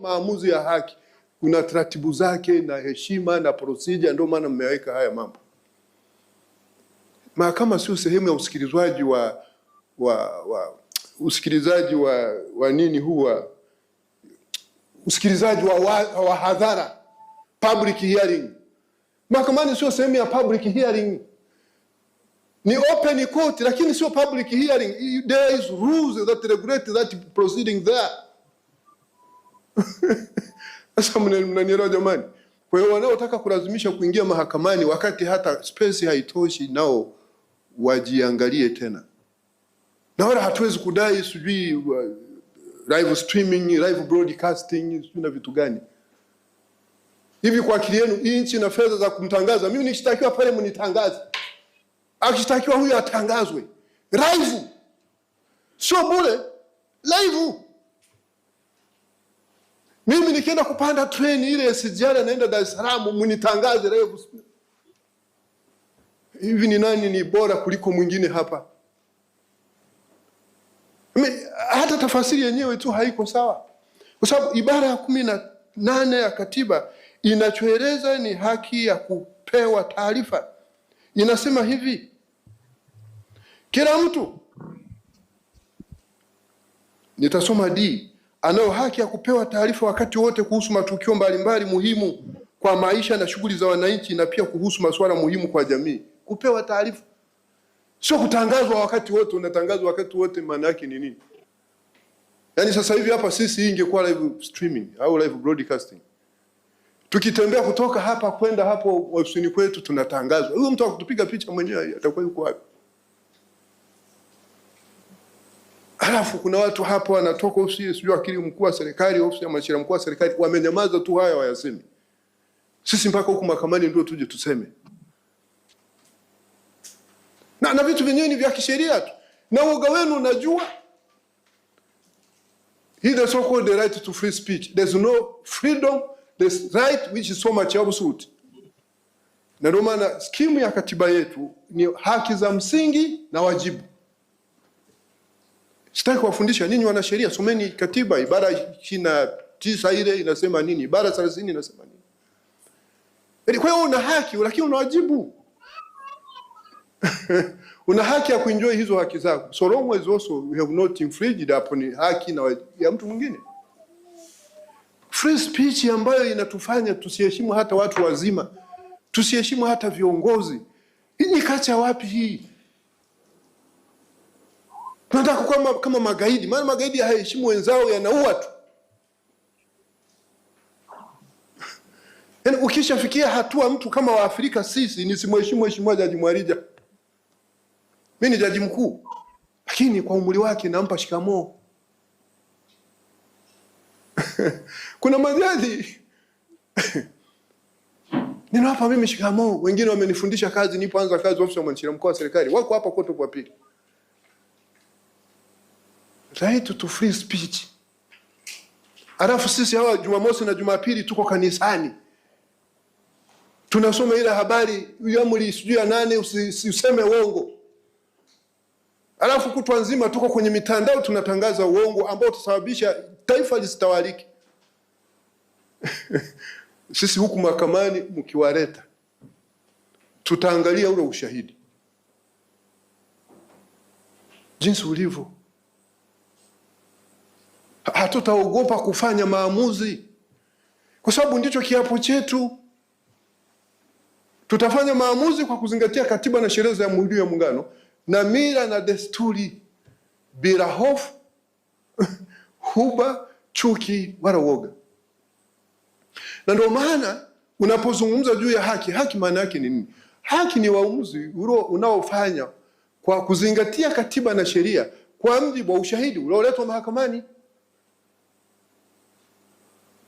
maamuzi ya haki kuna taratibu zake na heshima na procedure, ndio maana mmeweka haya mambo. Mahakama sio sehemu ya usikilizwaji wa, wa, wa usikilizaji wa, wa nini huwa usikilizaji wa, wa, wa hadhara public hearing. Mahakamani sio sehemu ya public hearing, ni open court, lakini sio public hearing. There is rules that regulate that proceeding there Sasa mnanielewa jamani? Kwa hiyo wanaotaka kulazimisha kuingia mahakamani wakati hata space haitoshi, nao wajiangalie tena, na wala hatuwezi kudai sijui uh, live streaming, live broadcasting, sijui na vitu gani hivi. Kwa akili yenu hii nchi na fedha za kumtangaza mimi, nikishtakiwa pale mnitangaze, akishtakiwa huyu atangazwe live, sio bure live mimi nikienda kupanda treni ile sijana naenda Dar es Salaam, mnitangaze leo hivi ni nani ni bora kuliko mwingine hapa? Hata tafasiri yenyewe tu haiko sawa, kwa sababu ibara ya kumi na nane ya katiba inachoeleza ni haki ya kupewa taarifa. Inasema hivi, kila mtu nitasoma d anayo haki ya kupewa taarifa wakati wote kuhusu matukio mbalimbali muhimu kwa maisha na shughuli za wananchi na pia kuhusu masuala muhimu kwa jamii. Kupewa taarifa, sio kutangazwa wakati wote. Unatangazwa wakati wote, maana yake ni nini? Yaani sasa hivi hapa sisi, ingekuwa live streaming au live broadcasting, tukitembea kutoka hapa kwenda hapo ofisini kwetu, tunatangazwa. Huyo mtu akutupiga picha mwenyewe atakuwa yuko wapi? Halafu kuna watu hapo wanatoka ofisi sio wakili mkuu wa serikali, ofisi ya mwanasheria mkuu wa serikali, wamenyamaza tu, haya wayasemi. Sisi mpaka huku mahakamani ndio tuje tuseme, na na vitu vyenyewe ni vya kisheria tu, na uoga wenu unajua He does not hold the right to free speech. There's no freedom, there's right which is so much absolute. Na ndio maana skimu ya katiba yetu ni haki za msingi na wajibu. Sitaki kuwafundisha ninyi wanasheria, someni katiba. Ibara ishirini na tisa ile inasema nini? Ibara thelathini inasema nini? Yaani kwa hiyo una haki lakini una wajibu una haki ya kuenjoy hizo haki zako, so long as also you have not infringed upon haki na ya mtu mwingine. Free speech ambayo inatufanya tusiheshimu hata watu wazima, tusiheshimu hata viongozi. Hii ni kacha wapi hii? tunataka kuwa kama magaidi, maana magaidi hayaheshimu wenzao, yanaua tu. Yaani ukishafikia hatua mtu kama Waafrika sisi nisimheshimu Mheshimiwa Jaji Mwarija, Mimi ni jaji mkuu, lakini kwa umri wake nampa shikamoo. Kuna majaji ninawapa mimi shikamoo, wengine wamenifundisha kazi, nipoanza kazi ofisi ya mwanasheria mkuu wa serikali, wako hapa kote kwa pili right to free speech. Alafu sisi hawa Jumamosi na Jumapili tuko kanisani tunasoma ile habari yamli sijui ya nane, usiseme uongo. Alafu kutwa nzima tuko kwenye mitandao tunatangaza uongo ambao utasababisha taifa lisitawaliki. Sisi huku mahakamani mkiwaleta, tutaangalia ule ushahidi jinsi ulivyo hatutaogopa kufanya maamuzi, kwa sababu ndicho kiapo chetu. Tutafanya maamuzi kwa kuzingatia katiba na sheria za Jamhuri ya Muungano na mila na desturi, bila hofu, huba, chuki wala woga. Na ndio maana unapozungumza juu ya haki, haki maana yake ni nini? Haki ni uamuzi unaofanya kwa kuzingatia katiba na sheria kwa mjibu wa ushahidi ulioletwa mahakamani.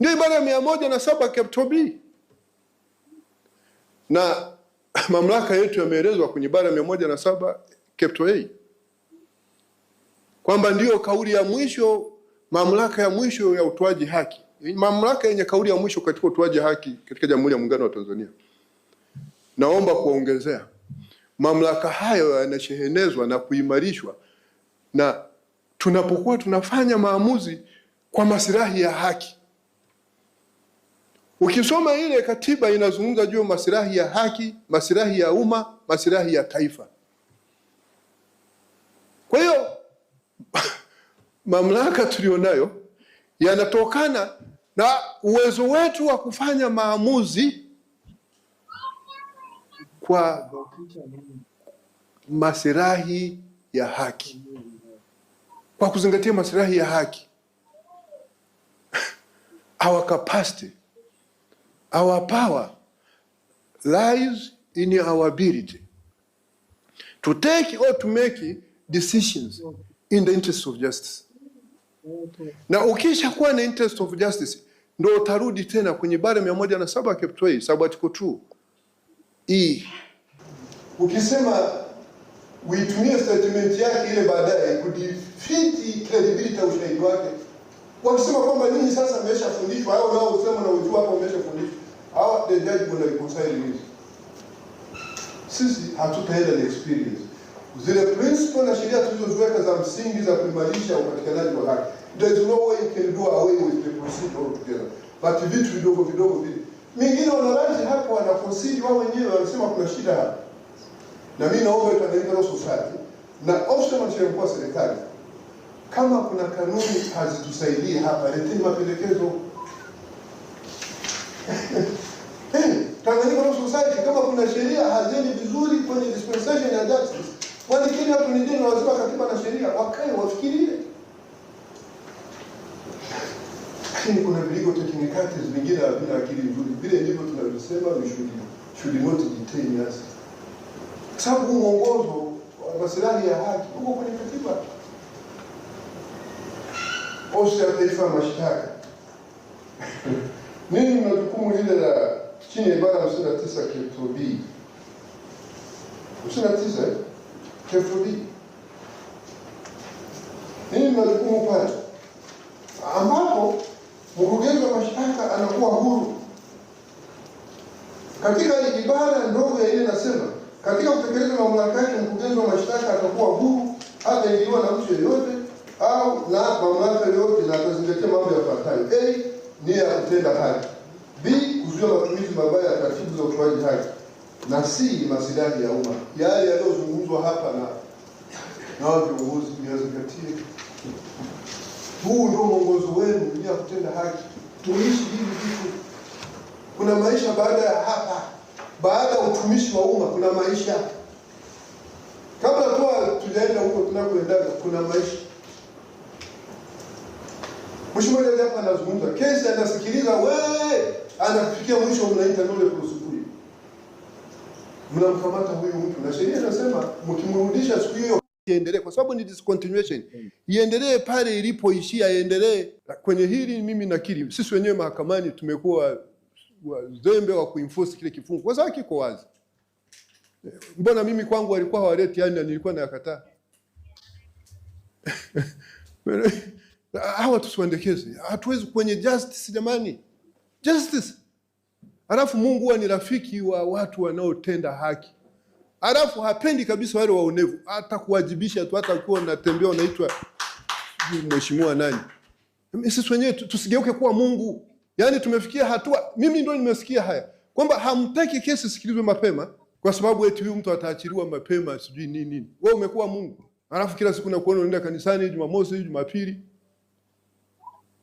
Ndio ibara ya mia moja na saba capital B, na mamlaka yetu yameelezwa kwenye ibara ya mia moja na saba capital A kwamba ndiyo kauli ya mwisho, mamlaka ya mwisho ya utoaji haki, mamlaka yenye kauli ya mwisho katika utoaji haki katika Jamhuri ya Muungano wa Tanzania. Naomba kuwaongezea mamlaka hayo yanashehenezwa na kuimarishwa, na tunapokuwa tunafanya maamuzi kwa masilahi ya haki Ukisoma ile katiba inazungumza juu masilahi ya haki, masilahi ya umma, masilahi ya taifa. Kwa hiyo mamlaka tulionayo yanatokana na uwezo wetu wa kufanya maamuzi kwa masilahi ya haki, kwa kuzingatia masilahi ya haki our capacity Our power lies in our ability to take or to make decisions in the interest of justice. Na ukisha kuwa na interest of justice ndo utarudi tena kwenye ibara mia moja na saba sababu atiko tu e. hii, ukisema uitumie statement yake ile baadaye kudifiti credibility ya ushahidi wake, wakisema kwamba ninyi sasa mmeshafundishwa au nao usema na ujua hapo umeshafundishwa the judgment na reconciliation. Sisi hatutaenda na experience. Zile principle na sheria tulizoziweka za msingi za kuimarisha upatikanaji wa haki. There is no way you can do away with the principle altogether. But vitu vidogo vidogo vile. Mingine wanaranji hapo wanakonsidi wao wenyewe wanasema kuna shida hapa. Na mimi naomba Tanganyika Law Society na Office ya Mkuu wa Serikali kama kuna kanuni hazitusaidii hapa, leteni mapendekezo. Hey, Tanzania Law Society kama kuna sheria haziendi vizuri kwenye dispensation ya justice. Kwani kile watu ni dini wazima katiba na sheria wakae wafikirie. Lakini kuna viligo technicalities vingine havina akili nzuri. Vile ndivyo tunavyosema we should, should not detain us. Sababu uongozo wa maslahi ya haki uko kwenye katiba. Ofisi ya Taifa ya Mashtaka. Nini mna jukumu lile la chini ya ibara ya 59 kifungu B. 59 kifungu B. Nini majukumu pale? Ambapo mkurugenzi wa mashtaka anakuwa huru. Katika ibara ndogo ya ile nasema, katika kutekeleza mamlaka yake mkurugenzi wa mashtaka atakuwa huru, hataingiliwa na mtu yeyote au na mamlaka yoyote, na atazingatia mambo yafuatayo: a, nia ya kutenda haki; b, kuzuia matumizi mabaya ya taratibu za utoaji haki na si masilahi ya umma. Yale yaliyozungumzwa hapa na nao viongozi yazingatie. Huu ndio mwongozo wenu ya kutenda haki. Tuishi hivi vitu. Kuna maisha baada ya hapa, baada ya utumishi wa umma kuna maisha. Kabla tuwa tujaenda huko tunakoendaga, kuna maisha. Mheshimiwa hapa anazungumza kesi, anasikiliza wewe anafikia mwisho, mnaita yule prosecute, mnamkamata huyu mtu, na sheria inasema mkimrudisha siku hiyo iendelee, kwa sababu ni discontinuation, iendelee pale ilipoishia, iendelee. Kwenye hili mimi nakiri, sisi wenyewe mahakamani tumekuwa wazembe wa kuinforce kile kifungu kwa sababu kiko wazi. Mbona mimi kwangu walikuwa hawaleti yani, nilikuwa nayakataa hawa tusiwendekeze, hatuwezi kwenye justice jamani justice. Alafu Mungu huwa ni rafiki wa watu wanaotenda haki, alafu hapendi kabisa wale waonevu, hata kuwajibisha tu, hata kuwa unatembea unaitwa mheshimiwa nani. Sisi wenyewe tusigeuke kuwa Mungu. Yaani tumefikia hatua, mimi ndo nimesikia haya kwamba hamtaki kesi sikilizwe mapema kwa sababu eti huyu mtu ataachiliwa mapema, sijui nini nini. Wewe umekuwa Mungu, alafu kila siku nakuona unaenda kanisani Jumamosi, Jumapili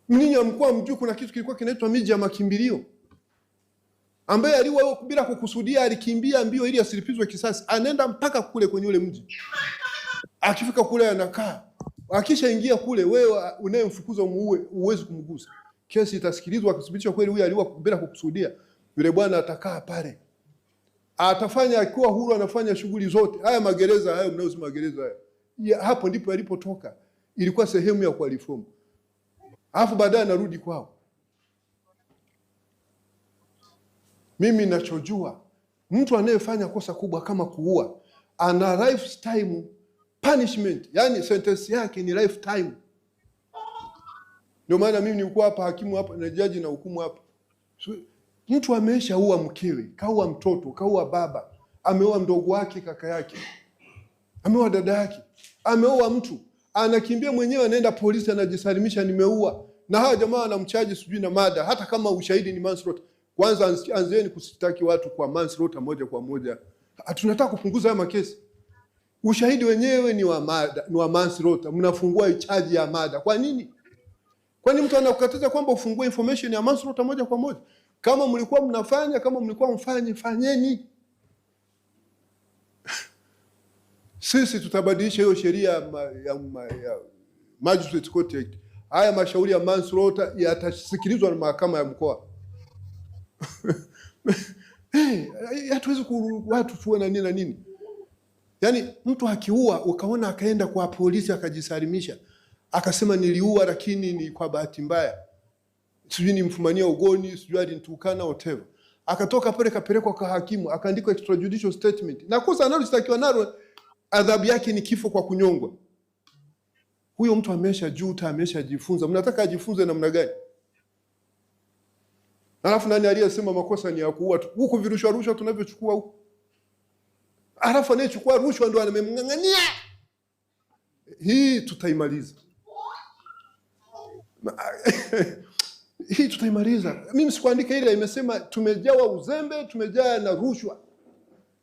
Ninyi hamkuwa mjui kuna kitu kilikuwa kinaitwa miji ya makimbilio, ambaye aliwa bila kukusudia alikimbia mbio ili asilipizwe kisasi. Anaenda mpaka kule kwenye ule mji, akifika kule anakaa, akishaingia kule, wewe unayemfukuza muue, uwezi kumgusa. Kesi itasikilizwa, akithibitishwa kweli huyu aliwa bila kukusudia, yule bwana atakaa pale, atafanya akiwa huru, anafanya shughuli zote. Haya magereza hayo mnayosema, magereza hayo, hapo ndipo yalipotoka, ilikuwa sehemu ya kuwa reform alafu baadaye anarudi kwao. Mimi nachojua mtu anayefanya kosa kubwa kama kuua ana lifetime punishment, yani sentensi yake ni lifetime. Ndio maana mimi nilikuwa hapa hakimu hapa na jaji na hukumu hapa. Mtu ameshaua mkewe, kaua mtoto, kaua baba, ameua mdogo wake, kaka yake, ameua dada yake, ameua mtu anakimbia mwenyewe, anaenda polisi, anajisalimisha, nimeua. Na hawa jamaa wanamchaji sijui na mada, hata kama ushahidi ni manslaughter. Kwanza anzeni kusitaki watu kwa manslaughter moja kwa moja, tunataka kupunguza haya makesi. Ushahidi wenyewe ni wa mada, ni wa manslaughter, mnafungua ichaji ya mada. Kwa nini? Kwa nini mtu anakukataza kwamba ufungue information ya manslaughter moja kwa moja? Kama mlikuwa mnafanya, kama mlikuwa mfanye, fanyeni. sisi tutabadilisha hiyo sheria ya, ya, ya magistrate court. Haya mashauri ya manslaughter yatasikilizwa na mahakama ya mkoa hatuwezi watu tuwe na nini na nini yaani, mtu akiua ukaona akaenda kwa polisi akajisalimisha akasema niliua, lakini ni kwa bahati mbaya, sijui nimfumania ugoni, sijui alinitukana whatever, akatoka pale kapelekwa kwa hakimu akaandikwa extrajudicial statement na kosa analo sitakiwa nalo adhabu yake ni kifo kwa kunyongwa. Huyo mtu ameshajuta, ameshajifunza. Mnataka ajifunze namna gani? Alafu nani aliyesema makosa ni ya kuua tu? Huku virushwa rushwa tunavyochukua huku, alafu anayechukua rushwa ndo anamemng'ang'ania. Hii tutaimaliza hii tutaimaliza. Mimi sikuandika ile, imesema tumejawa uzembe, tumejaa na rushwa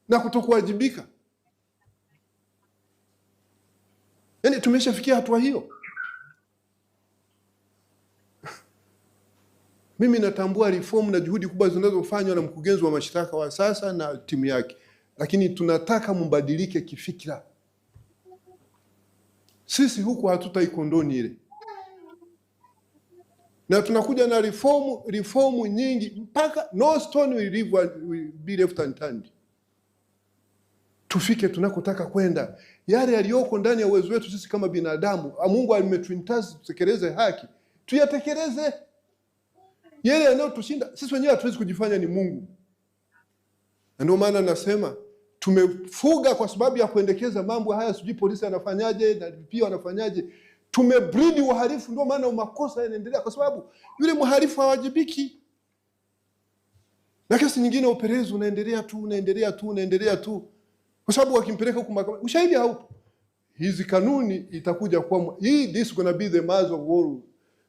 na kutokuwajibika. Yaani tumeshafikia hatua hiyo. Mimi natambua reform na juhudi kubwa zinazofanywa na mkurugenzi wa mashtaka wa sasa na timu yake, lakini tunataka mbadilike kifikira. Sisi huku hatutaikondoni ile, na tunakuja na reform reform nyingi mpaka no stone will leave, will be left unturned. Tufike tunakotaka kwenda yale yaliyoko ndani ya uwezo wetu sisi kama binadamu. Ah, Mungu ametuintazi tutekeleze haki, tuyatekeleze. Yale yanayotushinda sisi wenyewe hatuwezi kujifanya ni Mungu, na ndio maana nasema tumefuga kwa sababu ya kuendekeza mambo haya, sijui polisi anafanyaje na pia anafanyaje. Tumebridi uhalifu, ndio maana makosa yanaendelea, kwa sababu yule mhalifu hawajibiki, na kesi nyingine upelelezi unaendelea tu unaendelea tu unaendelea tu kwa sababu wakimpeleka huko mahakama ushahidi haupo. Hizi kanuni itakuja kuwa hii, this gonna be the mother of all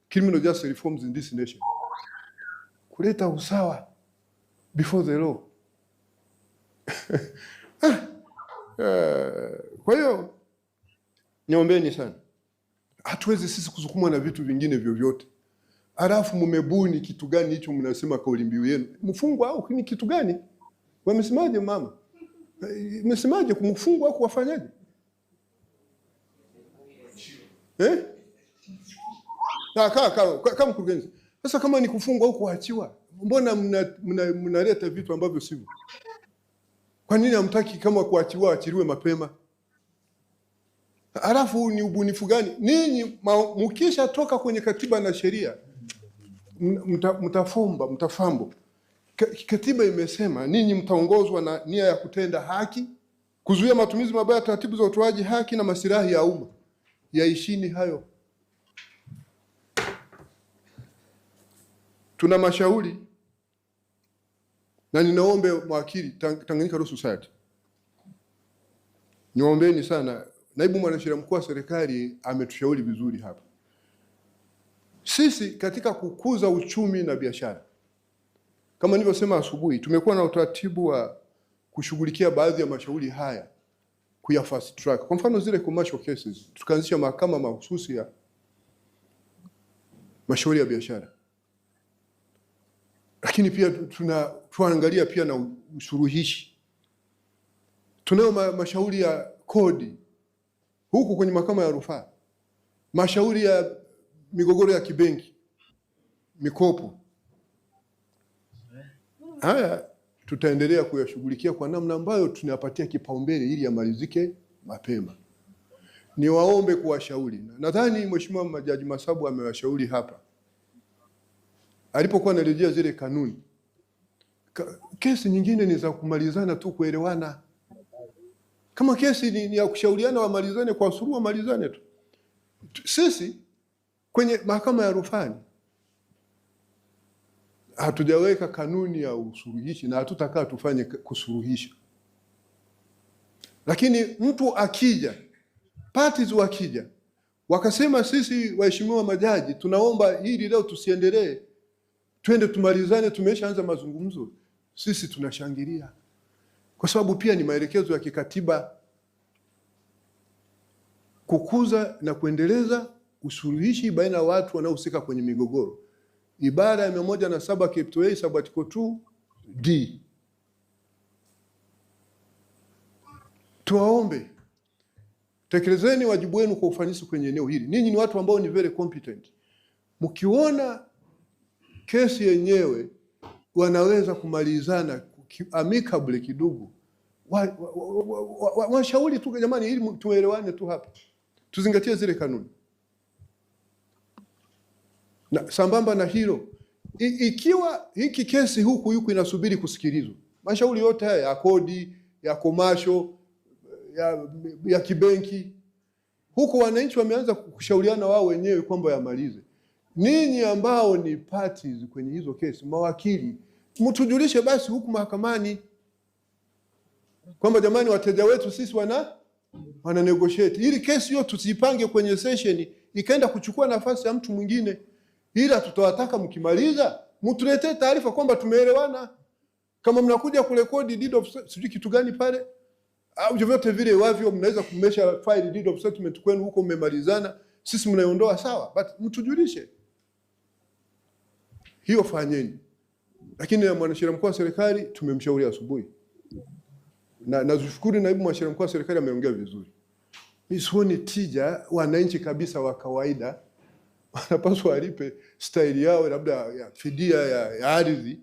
criminal justice reforms in this nation, kuleta usawa before the law. Ah, eh, kwa hiyo niombeni sana, hatuwezi sisi kusukumwa na vitu vingine vyovyote. Alafu mumebuni kitu gani hicho? Mnasema kauli mbiu yenu mfungwa au ni kitu gani? Wamesemaje mama Eh, mesemaje kumfungwa au kuwafanyaje? Eh? Na ah, kaka kama mkurugenzi. Sasa kama ni kufungwa au kuachiwa, mbona mnaleta mna, mna vitu ambavyo sivyo? Kwa nini hamtaki kama kuachiwa achiriwe mapema? Halafu ni ubunifu gani? Ninyi mkisha toka kwenye katiba na sheria mtafumba mtafambo Katiba imesema ninyi mtaongozwa na nia ya kutenda haki, kuzuia matumizi mabaya ya taratibu za utoaji haki na masilahi ya umma. Yaishini hayo. Tuna mashauri na ninaombe mawakili Tanganyika Law Society, niwaombeni sana. Naibu mwanasheria mkuu wa serikali ametushauri vizuri hapa. Sisi katika kukuza uchumi na biashara kama nilivyosema asubuhi, tumekuwa na utaratibu wa kushughulikia baadhi ya mashauri haya kuya fast track. Kwa mfano zile commercial cases, tukaanzisha mahakama mahususi ya mashauri ya biashara, lakini pia tuna tuangalia pia na usuluhishi. Tunayo ma, mashauri ya kodi huku kwenye mahakama ya rufaa, mashauri ya migogoro ya kibenki, mikopo haya tutaendelea kuyashughulikia kwa namna ambayo tunayapatia kipaumbele ili yamalizike mapema. Niwaombe kuwashauri, nadhani Mheshimiwa Majaji Masabu amewashauri hapa alipokuwa anarejea zile kanuni. Kesi nyingine ni za kumalizana tu, kuelewana. Kama kesi ni ya kushauriana, wamalizane kwa suluhu, wamalizane tu. Sisi kwenye mahakama ya rufani hatujaweka kanuni ya usuluhishi na hatutakaa tufanye kusuluhisha, lakini mtu akija, parties wakija wakasema sisi waheshimiwa majaji, tunaomba hili leo tusiendelee, twende tumalizane, tumeshaanza mazungumzo, sisi tunashangilia, kwa sababu pia ni maelekezo ya kikatiba kukuza na kuendeleza usuluhishi baina ya watu wanaohusika kwenye migogoro ibara ya mia moja na saba Kiptoei sabatiko 2 d. Tuwaombe, tekelezeni wajibu wenu kwa ufanisi kwenye eneo hili. Ninyi ni watu ambao ni very competent. Mkiona kesi yenyewe wanaweza kumalizana amicably kidogo, washauri wa, wa, wa, wa, wa tu jamani, ili tuelewane tu hapa, tuzingatie zile kanuni. Na sambamba na hilo I, ikiwa hiki kesi huku yuku inasubiri kusikilizwa, mashauri yote haya ya kodi ya komasho ya, ya kibenki huku wananchi wameanza kushauriana wao wenyewe kwamba yamalize. Ninyi ambao ni parties kwenye hizo kesi, mawakili, mtujulishe basi huku mahakamani kwamba jamani, wateja wetu sisi wana wana negotiate ili kesi hiyo tusipange kwenye sesheni ikaenda kuchukua nafasi ya mtu mwingine ila tutawataka mkimaliza mtuletee taarifa kwamba tumeelewana. Kama mnakuja kurekodi deed of sijui kitu gani pale au vyovyote vile wavyo, mnaweza kumesha file deed of settlement kwenu huko, mmemalizana, sisi mnaondoa sawa, but mtujulishe hiyo, fanyeni. Lakini na mwanasheria mkuu wa serikali tumemshauri asubuhi, na nashukuru naibu mwanasheria mkuu wa serikali ameongea vizuri. Mimi sioni tija wananchi kabisa wa kawaida wanapaswa walipe staili yao labda ya fidia ya, ya ardhi,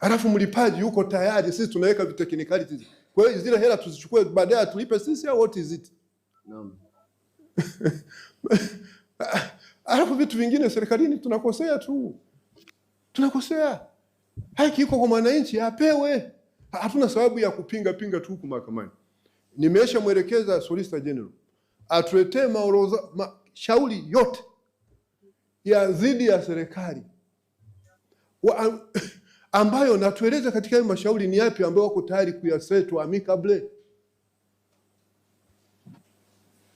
alafu mlipaji yuko tayari. Sisi tunaweka viteknikali. Kwa hiyo zile hela tuzichukue baadaye tulipe sisi au what is it? Naam. vitu vingine serikalini tunakosea tu, tunakosea. Haki iko kwa mwananchi, apewe. Hatuna sababu ya kupinga pinga tu huku mahakamani. Nimeshamwelekeza Solicitor General atuletee maorodha ma, mashauri yote ya dhidi ya serikali ambayo natueleza katika hayo mashauri ni yapi ambayo wako tayari kuyasetu amikable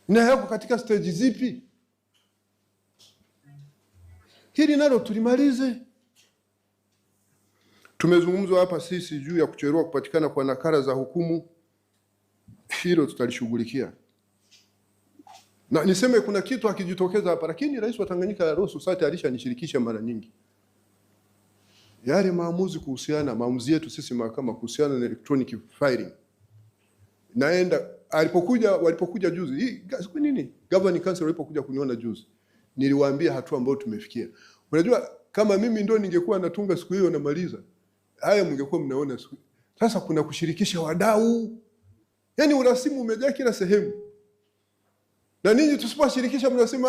na yako katika stage zipi? Hili nalo tulimalize. Tumezungumzwa hapa sisi juu ya kuchelewa kupatikana kwa nakala za hukumu, hilo tutalishughulikia. Na niseme kuna kitu akijitokeza hapa, lakini rais wa Tanganyika Royal Society alishanishirikisha mara nyingi yale maamuzi kuhusiana maamuzi yetu sisi mahakama kuhusiana na electronic filing. Naenda alipokuja walipokuja juzi hii siku nini, governing council walipokuja kuniona juzi, niliwaambia hatua ambayo tumefikia. Unajua kama mimi ndio ningekuwa natunga siku hiyo namaliza haya, mngekuwa mnaona siku. Sasa kuna kushirikisha wadau, yani urasimu umejaa kila sehemu. Na ninyi tusipowashirikisha mnasema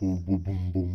붐붐붐붐 뭐, 뭐, 뭐,